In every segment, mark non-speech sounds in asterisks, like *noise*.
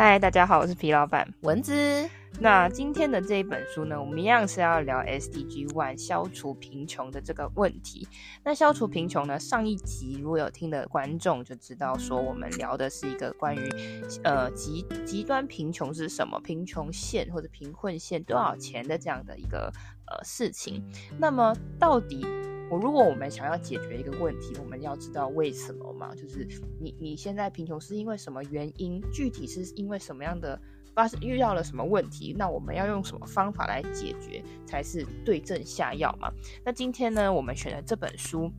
嗨，Hi，大家好，我是皮老闆蚊子。文那今天的這一本書呢，我們一樣是要聊 SDG 1消除貧窮的這個問題。那消除貧窮呢？上一集如果有聽的觀眾就知道，說我們聊的是一個關於呃極極端貧窮是什麼、貧窮線或者貧困線多少錢的這樣的一個呃事情。那麼到底，我，如果我們想要解決一個問題，我們要知道為什麼嘛？就是你你現在貧窮是因為什麼原因？具體是因為什麼樣的發生，遇到了什麼問題？那我們要用什麼方法來解決才是對症下藥嘛？那今天呢，我們選了這本書。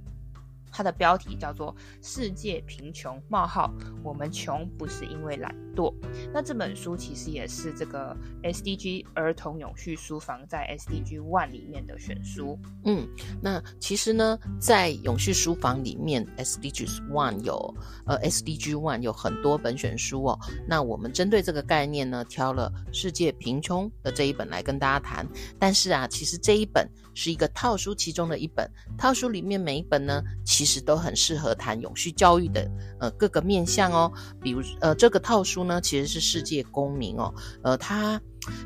它的標題叫做《世界貧窮：冒號我們窮不是因為懶惰》。那這本書其實也是這個 SDG 兒童永續書房在 SDG One 裡面的選書。嗯，那其實呢，在永續書房裡面，SDG One 有呃 SDG One 有很多本選書哦。那我們針對這個概念呢，挑了《世界貧窮》的這一本來跟大家談。但是啊，其實這一本是一個套書其中的一本，套書裡面每一本呢，其實都很適合談永續教育的呃各個面向哦，比如呃這個套書呢其實是世界公民哦，呃它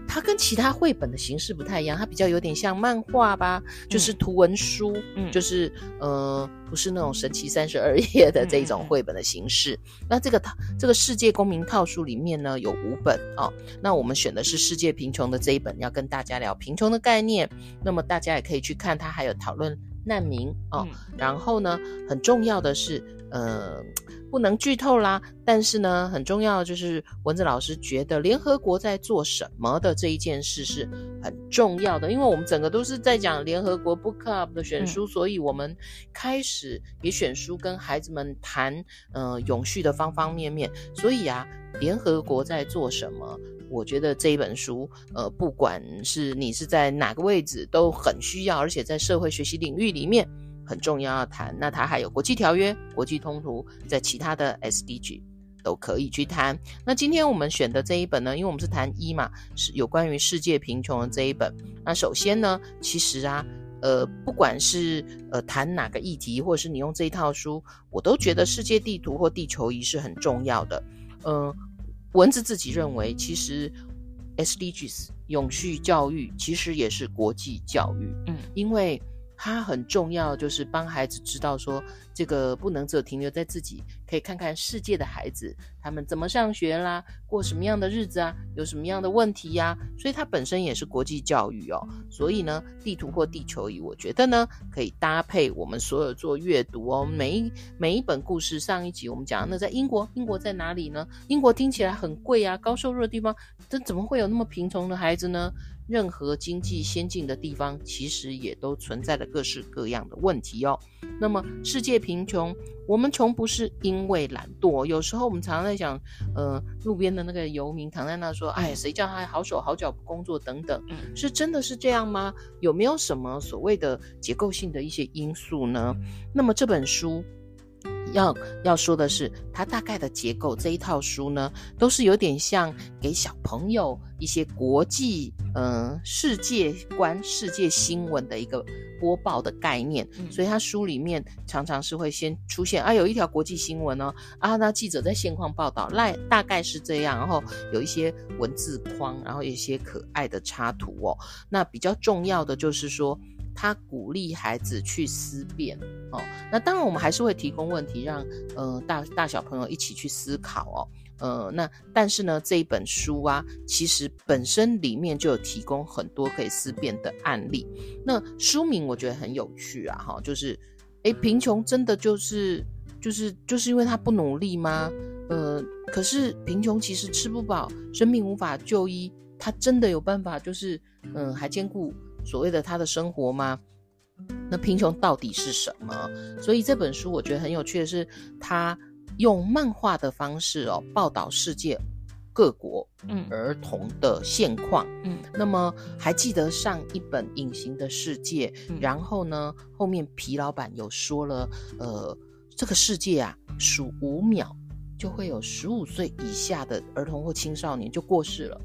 它跟其他繪本的形式不太一樣，它比較有點像漫畫吧，就是圖文書，嗯嗯、就是呃不是那種神奇三十二頁的這一種繪本的形式。嗯嗯、那這個套這個世界公民套書裡面呢有五本哦。那我們選的是世界貧窮的這一本，要跟大家聊貧窮的概念。那麼大家也可以去看它，還有討論。難民哦，然後呢，很重要的是，呃，不能劇透啦。但是呢，很重要的就是，蚊子老師覺得聯合國在做什麼的這一件事是很重要的，因為我們整個都是在講聯合國 book club 的選書，所以我們開始也選書跟孩子們談，呃，永續的方方面面。所以啊，聯合國在做什麼？我覺得這一本書，呃，不管是你是在哪個位置都很需要，而且在社會學習領域裡面很重要要談。那它還有國際條約、國際通途，在其他的 SDG 都可以去談。那今天我們選的這一本呢，因為我們是談一嘛，是有關於世界貧窮的這一本。那首先呢，其實啊，呃，不管是呃談哪個議題，或者是你用這一套書，我都覺得世界地圖或地球儀是很重要的。嗯、呃。文字自己認為，其實，SDGs 永續教育其實也是國際教育，嗯，因為它很重要，就是幫孩子知道說。這個不能只有停留在自己，可以看看世界的孩子，他們怎麼上學啦，過什麼樣的日子啊，有什麼樣的問題呀、啊？所以它本身也是國際教育哦。所以呢，地圖或地球儀，我覺得呢，可以搭配我們所有做閱讀哦。每一每一本故事上一集我們講，那在英國，英國在哪裡呢？英國聽起來很貴啊，高收入的地方，這怎麼會有那麼貧窮的孩子呢？任何經濟先進的地方，其實也都存在着各式各樣的問題哦。那麼世界貧窮，我們窮不是因為懶惰。有時候我們常常在想，呃，路邊的那個游民躺在那說，哎，誰叫他好手好腳不工作等等，是真的是這樣嗎？有沒有什麼所謂的結構性的一些因素呢？那麼這本書。要要說的是，它，大概的結構，這一套書呢，都是有點像給小朋友一些國際嗯、呃、世界觀、世界新聞的一個播報的概念，嗯、所以它書裡面常常是會先出現啊，有一條國際新聞哦，啊，那記者在現況報道，那大概是這樣，然後有一些文字框，然後有一些可愛的插圖哦，那比較重要的就是說。他鼓勵孩子去思辨，哦，那當然我們還是會提供問題讓，呃，大大小朋友一起去思考，哦，呃，那但是呢，這一本書啊，其實本身裡面就有提供很多可以思辨的案例。那書名我覺得很有趣啊，哈、哦，就是，誒，貧窮真的就是就是就是因為他不努力嗎？呃，可是貧窮其實吃不飽，生病無法就醫，他真的有辦法就是，嗯、呃，還兼顧。所謂的他的生活嗎？那貧窮到底是什麼？所以這本書我覺得很有趣的是，他用漫畫的方式哦，報道世界各國嗯，兒童的現況嗯。那麼還記得上一本《隱形的世界》，嗯，然後呢後面皮老板有說了，呃，這個世界啊，數五秒就會有十五歲以下的兒童或青少年就過世了。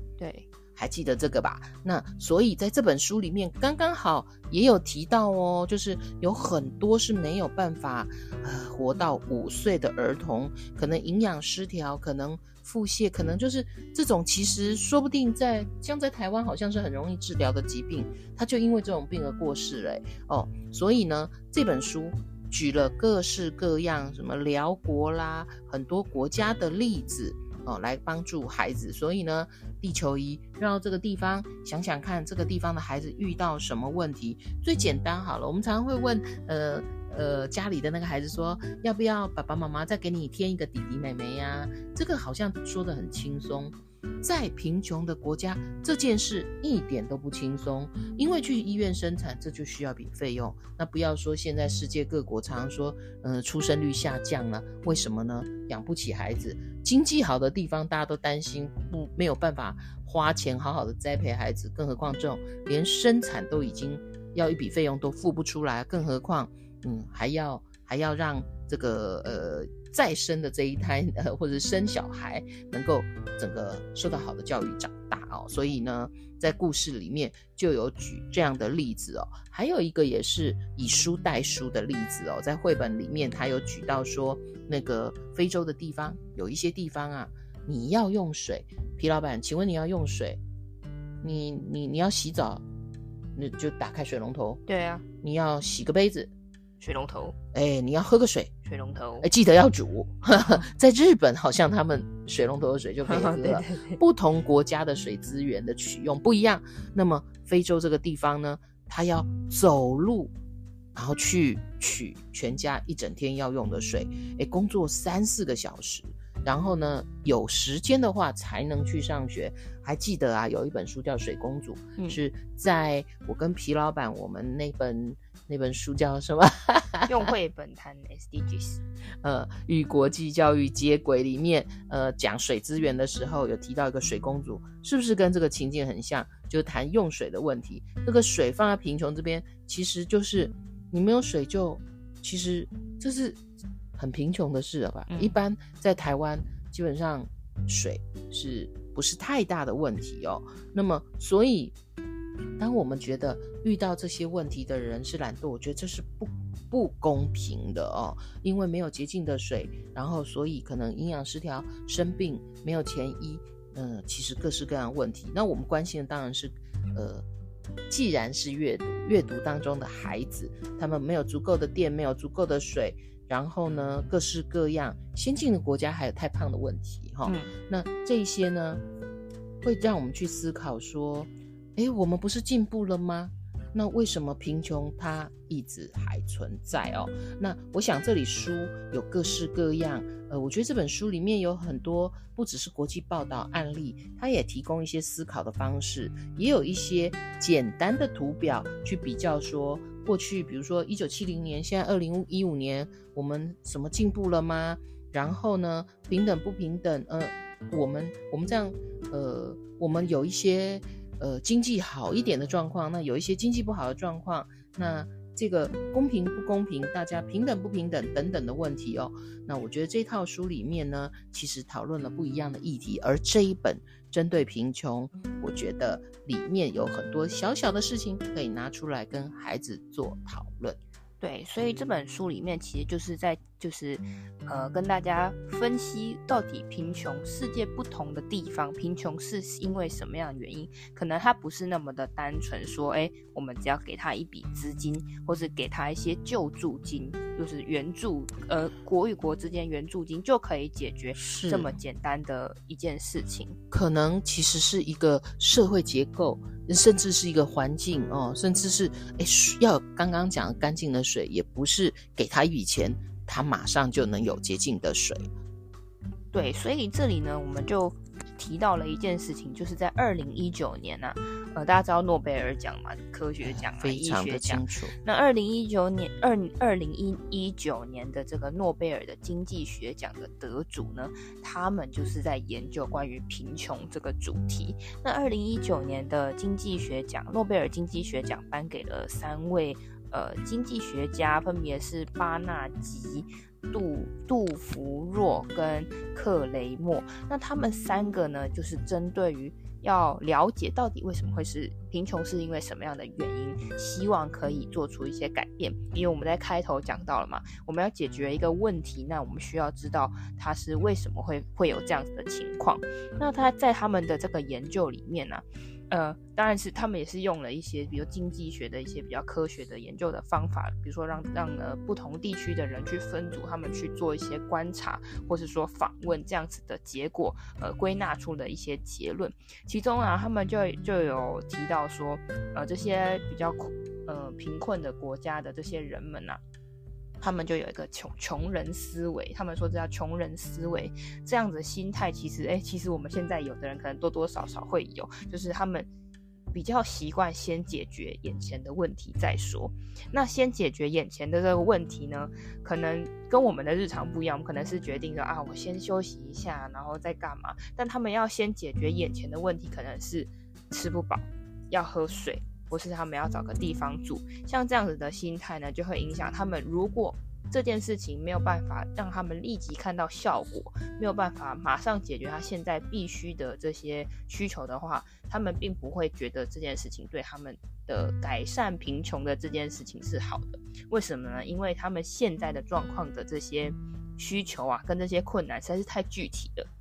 還記得這個吧？那所以在這本書裡面，剛剛好也有提到哦，就是有很多是沒有辦法呃活到五歲的兒童，可能營養失調，可能腹瀉，可能就是這種，其實說不定在像在台灣，好像是很容易治療的疾病，他就因為這種病而過世嘞、欸。哦，所以呢，這本書舉了各式各樣什麼寮國啦，很多國家的例子。哦，來幫助孩子，所以呢，地球儀繞這個地方，想想看這個地方的孩子遇到什麼問題。最簡單，好了，我們常常會問，呃呃，家裡的那個孩子說，要不要爸爸媽媽再給你添一個弟弟妹妹呀？這個好像說得很輕鬆。在貧窮的國家，這件事一點都不輕鬆，因為去醫院生產，這就需要一筆費用。那不要說現在世界各國常常說，嗯、呃，出生率下降了，為什麼呢？養不起孩子。經濟好的地方，大家都擔心不沒有辦法花錢好好的栽培孩子，更何況這種連生產都已經要一筆費用都付不出來，更何況，嗯，還要還要讓這個呃。再生的這一胎，呃，或者生小孩能夠整個受到好的教育長大哦，所以呢，在故事裡面就有舉這樣的例子哦。還有一個也是以書代書的例子哦，在繪本裡面，他有舉到說，那個非洲的地方有一些地方啊，你要用水，皮老板，請問你要用水，你你你要洗澡，那就打開水龍頭。對啊，你要洗個杯子，水龍頭。哎、欸，你要喝個水。水龍頭。哎、欸，記得要煮。 *laughs* 在日本，好像他們水龍頭的水就可以喝了。 *laughs* 不同國家的水資源的取用不一樣。那麼非洲這個地方呢，他要走路，然後去取全家一整天要用的水。哎、欸，工作三四個小時，然後呢，有時間的話才能去上學。還記得啊，有一本書叫《水公主》，是在我跟皮老闆我們那本。那本書叫什麼？ *laughs* 用繪本談 SDGs，呃，與國際教育接軌。裡面呃，講水資源的時候，有提到一個水公主，是不是跟這個情境很像？就談、是、用水的問題。這個水放在貧窮這邊，其實就是你沒有水就，其實這是很貧窮的事了吧？嗯、一般在台灣，基本上水是不是太大的問題哦？那麼所以。當我們覺得遇到這些問題的人是懶惰，我覺得這是不不公平的哦，因為沒有潔淨的水，然後所以可能營養失調、生病、沒有錢醫，嗯、呃，其實各式各樣問題。那我們關心的當然是，呃，既然是閱讀，閱讀當中的孩子，他們沒有足夠的電，沒有足夠的水，然後呢，各式各樣，先進的國家還有太胖的問題哈。哦嗯、那這些呢，會讓我們去思考說。誒，我們不是進步了嗎？那為什麼貧窮它一直還存在哦？那我想這裡書有各式各樣，呃，我覺得這本書裡面有很多，不只是國際報道案例，它也提供一些思考的方式，也有一些簡單的圖表去比較說，過去比如說一九七零年，現在二零一五年，我們什麼進步了嗎？然後呢，平等不平等？呃，我們我們這樣，呃，我們有一些。呃，經濟好一點的狀況，那有一些經濟不好的狀況，那這個公平不公平，大家平等不平等等等的問題哦。那我覺得這套書裡面呢，其實討論了不一樣的議題，而這一本針對貧窮，我覺得裡面有很多小小的事情可以拿出來跟孩子做討論。對，所以這本書裡面其實就是在就是，呃，跟大家分析到底貧窮世界不同的地方，貧窮是因為什麼樣的原因？可能它不是那麼的單純說，說誒，我們只要給他一筆資金，或是給他一些救助金，就是援助，呃，國與國之間援助金就可以解決這麼簡單的一件事情。可能其實是一個社會結構。甚至是一個環境哦，甚至是哎，欸，需要剛剛講乾淨的水，也不是給他一筆錢，他馬上就能有潔淨的水。對，所以這裡呢，我們就。提到了一件事情，就是在二零一九年呢，啊，呃，大家知道諾貝爾獎嘛，科學獎、啊、醫、嗯、學獎。那二零一九年二二零一一九年的這個諾貝爾的經濟學獎的得主呢，他們就是在研究關於貧窮這個主題。那二零一九年的經濟學獎，諾貝爾經濟學獎頒給了三位呃經濟學家，分別是巴納吉。杜杜福若跟克雷默，那他們三個呢，就是針對於要了解到底為什麼會是貧窮，是因為什麼樣的原因，希望可以做出一些改變。因為我們在開頭講到了嘛，我們要解決一個問題，那我們需要知道他是為什麼會會有這樣子的情況。那他在他們的這個研究裡面呢、啊，呃，當然是他們也是用了一些，比如經濟學的一些比較科學的研究的方法，比如說讓讓呃不同地區的人去分組，他們去做一些觀察，或是說訪問這樣子的結果，呃，歸納出了一些結論。其中啊，他們就就有提到說，呃，這些比較呃貧困的國家的這些人們啊。他們就有一個窮窮人思維，他們說這叫窮人思維，這樣子的心態其實，哎、欸，其實我們現在有的人可能多多少少會有，就是他們比較習慣先解決眼前的問題再說。那先解決眼前的這個問題呢，可能跟我們的日常不一樣，我們可能是決定說啊，我先休息一下，然後再幹嘛。但他們要先解決眼前的問題，可能是吃不飽，要喝水。或是他們要找個地方住，像這樣子的心態呢，就會影響他們。如果這件事情沒有辦法讓他們立即看到效果，沒有辦法馬上解決他現在必須的這些需求的話，他們並不會覺得這件事情對他們的改善貧窮的這件事情是好的。為什麼呢？因為他們現在的狀況的這些需求啊，跟這些困難實在是太具體了。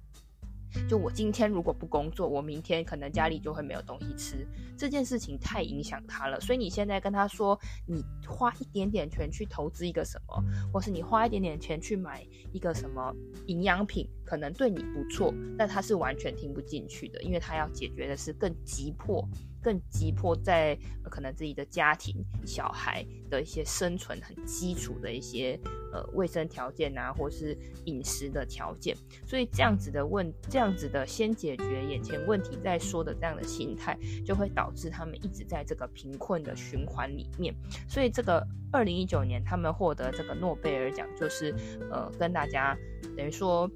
就我今天如果不工作，我明天可能家裡就會沒有東西吃。這件事情太影響他了，所以你現在跟他說，你花一點點錢去投資一個什麼，或是你花一點點錢去買一個什麼營養品，可能對你不錯，但他是完全聽不進去的，因為他要解決的是更急迫。更急迫在可能自己的家庭、小孩的一些生存，很基礎的一些呃衛生條件啊，或是飲食的條件，所以這樣子的問，這樣子的先解決眼前問題再說的這樣的心態，就會導致他們一直在這個貧困的循環裡面。所以這個二零一九年他們獲得這個諾貝爾獎，就是呃跟大家等於說。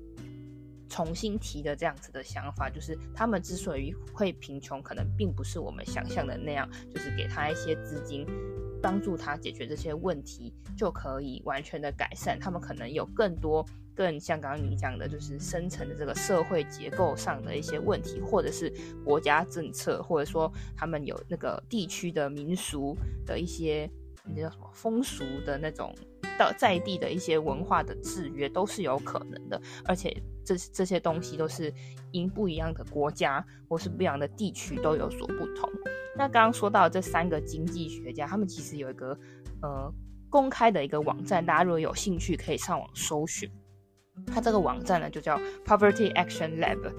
重新提的這樣子的想法，就是他們之所以會貧窮，可能並不是我們想象的那樣，就是給他一些資金，幫助他解決這些問題就可以完全的改善。他們可能有更多、更像剛剛你講的，就是深層的這個社會結構上的一些問題，或者是國家政策，或者說他們有那個地區的民俗的一些那叫什麼風俗的那種到在地的一些文化的制約，都是有可能的，而且。這這些東西都是因不一樣的國家或是不一樣的地區都有所不同。那剛剛說到這三個經濟學家，他們其實有一個呃公開的一個網站，大家如果有興趣可以上網搜尋。他這個網站呢就叫 Poverty Action Lab。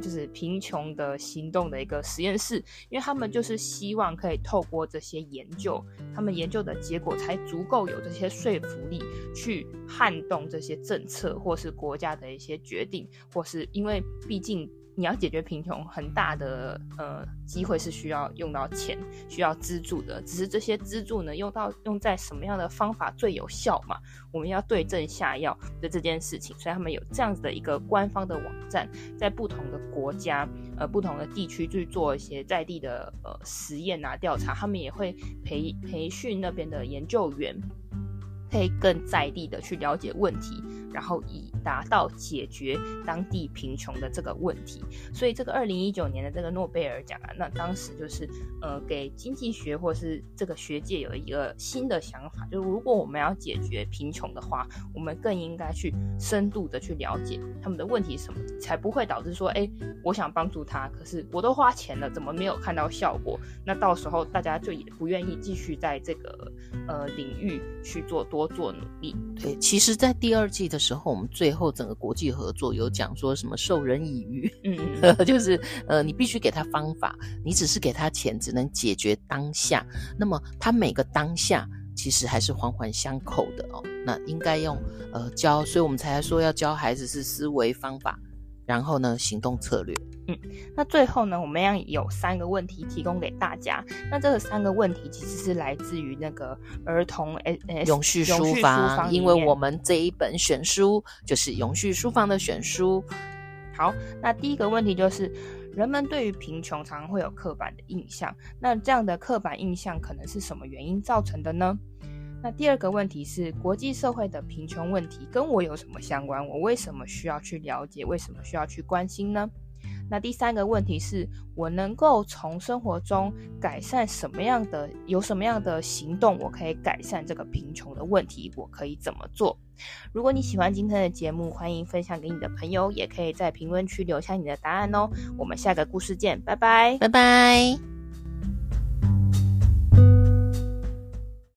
就是貧窮的行動的一個實驗室，因為他們就是希望可以透過這些研究，他們研究的結果才足夠有這些說服力，去撼動這些政策或是國家的一些決定，或是因為畢竟。你要解決貧窮，很大的呃機會是需要用到錢，需要資助的。只是這些資助呢，用到用在什麼樣的方法最有效嘛？我們要對症下藥的這件事情。所以他們有這樣子的一個官方的網站，在不同的國家呃不同的地區去做一些在地的呃實驗啊調查，他們也會培培訓那邊的研究員，可以更在地的去了解問題。然後以達到解決當地貧窮的這個問題，所以這個二零一九年的這個諾貝爾獎啊，那當時就是呃給經濟學或是這個學界有一個新的想法，就是如果我們要解決貧窮的話，我們更應該去深度的去了解他們的問題是什麼，才不會導致說，哎，我想幫助他，可是我都花錢了，怎麼沒有看到效果？那到時候大家就也不願意繼續在這個呃領域去做多做努力。對，對其實，在第二季的時候。時候，我們最後整個國際合作有講說什麼授人以漁，嗯， *laughs* 就是呃，你必須給他方法，你只是給他錢，只能解決當下。那麼他每個當下其實還是環環相扣的哦。那應該用呃教，所以我們才來說要教孩子是思維方法。然後呢，行動策略。嗯，那最後呢，我們要有三個問題提供給大家。那這個三個問題其實是來自於那個兒童 SDGs，永續書房，書因為我們這一本選書就是永續書房的選書。好，那第一個問題就是，人們對於貧窮常常會有刻板的印象，那這樣的刻板印象可能是什麼原因造成的呢？那第二個問題是，國際社會的貧窮問題跟我有什麼相關？我為什麼需要去了解？為什麼需要去關心呢？那第三個問題是，我能夠從生活中改善什麼樣的？有什麼樣的行動，我可以改善這個貧窮的問題？我可以怎麼做？如果你喜歡今天的節目，歡迎分享給你的朋友，也可以在評論區留下你的答案哦。我們下個故事見，拜拜，拜拜。